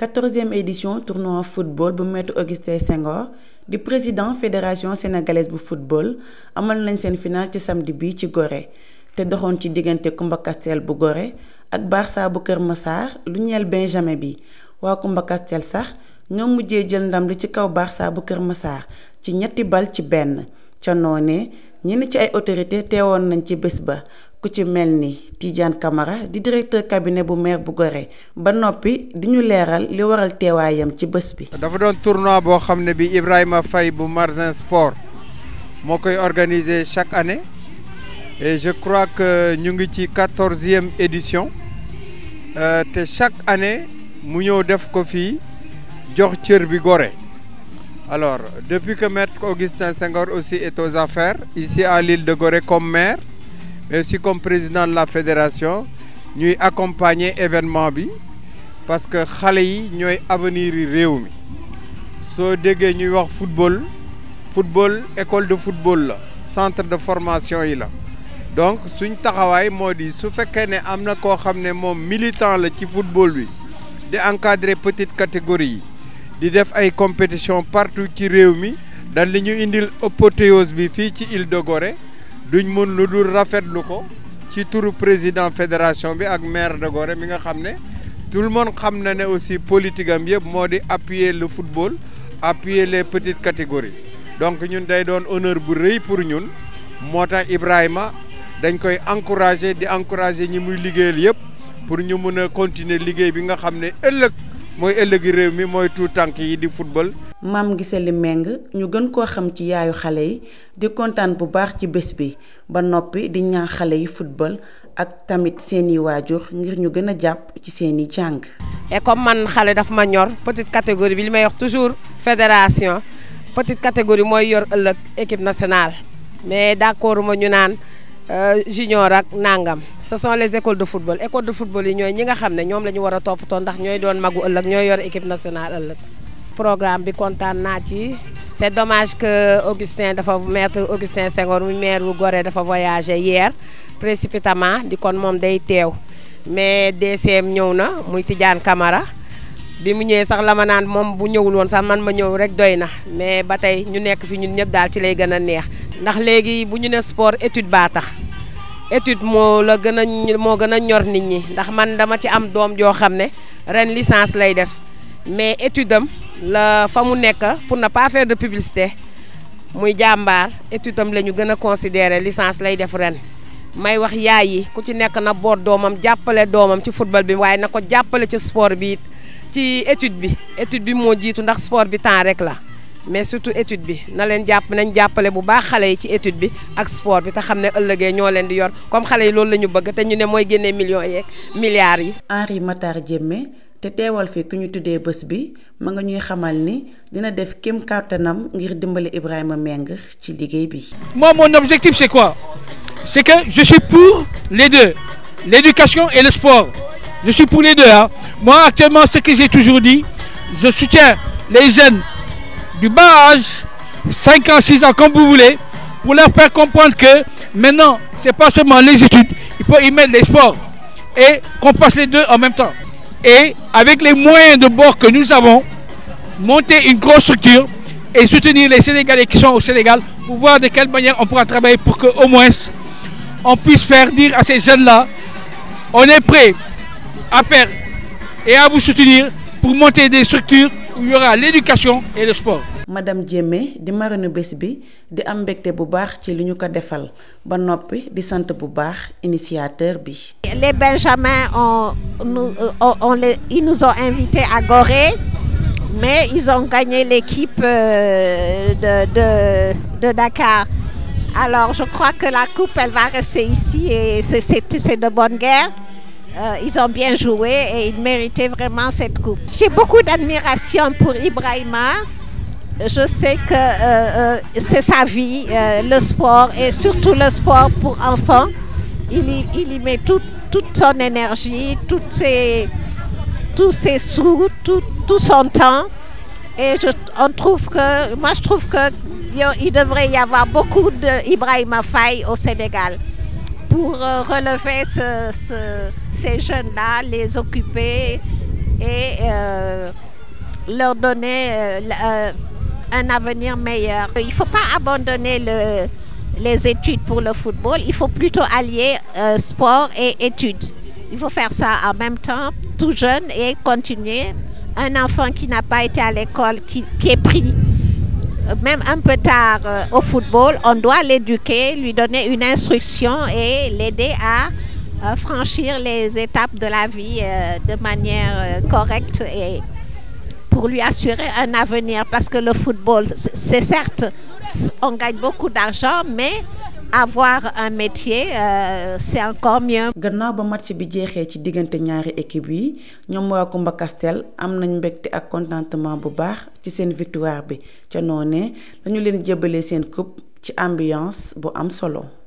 quatorzième édition tournoi football bu Maître Augustin Senghor du président fédération sénégalaise bu football amal nañ sen finale ci samedi bi ci Gorée te doxon ci diganté Kumba Castel bu Gorée ak Barça bu Kër Massar lu ñël Benjamin bi wa Kumba Castel sax ñoo mujjé jël ndam li ci kaw Barça bu Kër Massar ci ñetti bal ci benn ca noonee ñenn ci ay autorité teewoon nañ ci bés ba ku ci mel ni Tidiane Camara di directeur cabinet du maire bu Gorée ba noppi di ñu leeral li waral teewaayam ci bés bi. dafa doon tournoi boo xam ne bi Ibrahima Faye bu Marzin Sport moo koy organiser chaque année et je crois que ñu ngi ci e édition euh, chaque année mu ñëw def ko fii jox cër bi Gorée. Alors, depuis que Maître Augustin Senghor aussi est aux affaires, ici à l'île de goré comme maire, aussi comme président de la fédération nous accompagner événement bi parce que xale yi un avenir yi réew mi soo ñuy football football école de football centre de formation donc suñ taxawaay moo di su fekkee ne am na militant la football bi di encadrer petite catégorie yi di def ay compétition partout ci réew dans dal li ñu indil bi de Gorée nous avons lu le rafetlu ko ci le président fédération et le maire de Gore. tout le monde sait aussi politique am appuyer le football appuyer les petites catégories donc ñun day un honneur pour nous, moi Ibrahima dañ koy encourager di encourager ñi muy pour nous, continuer à bi nga ne ëllëg le mi tout du football maam Giseli Meng ñu gën koo xam ci yaayu xale yi di kontaan bu baax ci bés bi ba noppi di ñaax xale yi football ak tamit seeni waajur ngir ñu gën a jàpp ci seeni jàng. et comme man xale daf ma ñor petite catégorie bi li may wax toujours fédération petite catégorie mooy yor ëllëg équipe nationale mais d'accord ma ñu naan. Euh, junior ak nangam ce sont les écoles de football école de football yi ñooy ñi nga xam ne ñoom la ñu war a toppatoo ndax ñooy doon magu ëllëg ñooy yor équipe nationale ëllëg programme bi kontaan naa ci c' domage dommage que Augustin dafa maître Augustin Senghor mu maire wu Gorée dafa voyagé hier précipitamment di kon moom day teew mais DCM ñëw na muy Tidiane kamara bi mu ñëwee sax la naan moom bu ñëwul woon sax man ma ñëw rek doy na mais ba tey ñu nekk fi ñun ñëpp daal ci lay gën a neex ndax léegi bu ñu ne sport étude baa tax étude moo la gën a moo gën a ñor nit ñi ndax man dama ci am doom joo xam ne ren lissance lay def mais étude am la fa mu pour ne pas faire de publicité muy jambar et am la ñu gën a considérer licence lay def ren may wax yaay yi ku ci nek na boot domam jàppale domam ci football bi waye nako ko ci sport bi ci étude bi étude bi mo jitu ndax sport bi temps rek la mais surtout étude bi na leen japp nañ jàppale bu baax xalé ci étude bi ak sport bi ta xamné ne ëllëgee ñoo di yor comme xalé yi loolu la bëgg té ñu né moy gënné millions yeeg milliards yi. Henri Matar Diémé moi mon objectif c'est quoi c'est que je suis pour les deux l'éducation et le sport je suis pour les deux hein. moi actuellement ce que j'ai toujours dit je soutiens les jeunes du bas âge 5 ans 6 ans comme vous voulez pour leur faire comprendre que maintenant c'est pas seulement les études il faut y mettre les sports et qu'on fasse les deux en même temps et avec les moyens de bord que nous avons, monter une grosse structure et soutenir les Sénégalais qui sont au Sénégal pour voir de quelle manière on pourra travailler pour qu'au moins on puisse faire dire à ces jeunes-là, on est prêt à faire et à vous soutenir pour monter des structures où il y aura l'éducation et le sport madame Diemé di marraine bés de di am bu baax ci defal initiateur les Benjamins on euh, ils nous ont invités à Gorée mais ils ont gagné l'équipe euh, de Dakar alors je crois que la coupe elle va rester ici et c'est c'est de bonne guerre. Euh, ils ont bien joué et ils méritaient vraiment cette coupe. J'ai beaucoup d'admiration pour Ibrahima je sais que euh, euh, c'est sa vie, euh, le sport, et surtout le sport pour enfants. Il y, met toute son énergie, toutes ses, tous ses sous, tout, son temps. Et je, trouve que, moi je trouve qu'il devrait y avoir beaucoup d'Ibrahim Faye au Sénégal pour relever ces jeunes-là, les occuper et leur donner un avenir meilleur. Il ne faut pas abandonner le, les études pour le football, il faut plutôt allier euh, sport et études. Il faut faire ça en même temps, tout jeune, et continuer. Un enfant qui n'a pas été à l'école, qui, est pris euh, même un peu tard euh, au football, on doit l'éduquer, lui donner une instruction et l'aider à franchir les étapes de la vie de manière correcte et pour lui assurer un avenir parce que le football, c'est certes, on gagne beaucoup d'argent, mais avoir un métier euh, c'est encore mieux. gannaaw ba match bi jeexee ci diggante ñaari équipe yi ñom Kumba Castel am nañ mbégte ak contentement bu baax ci seen victoire bi ca noné, lañu leen seen coupe ci ambiance bu am solo.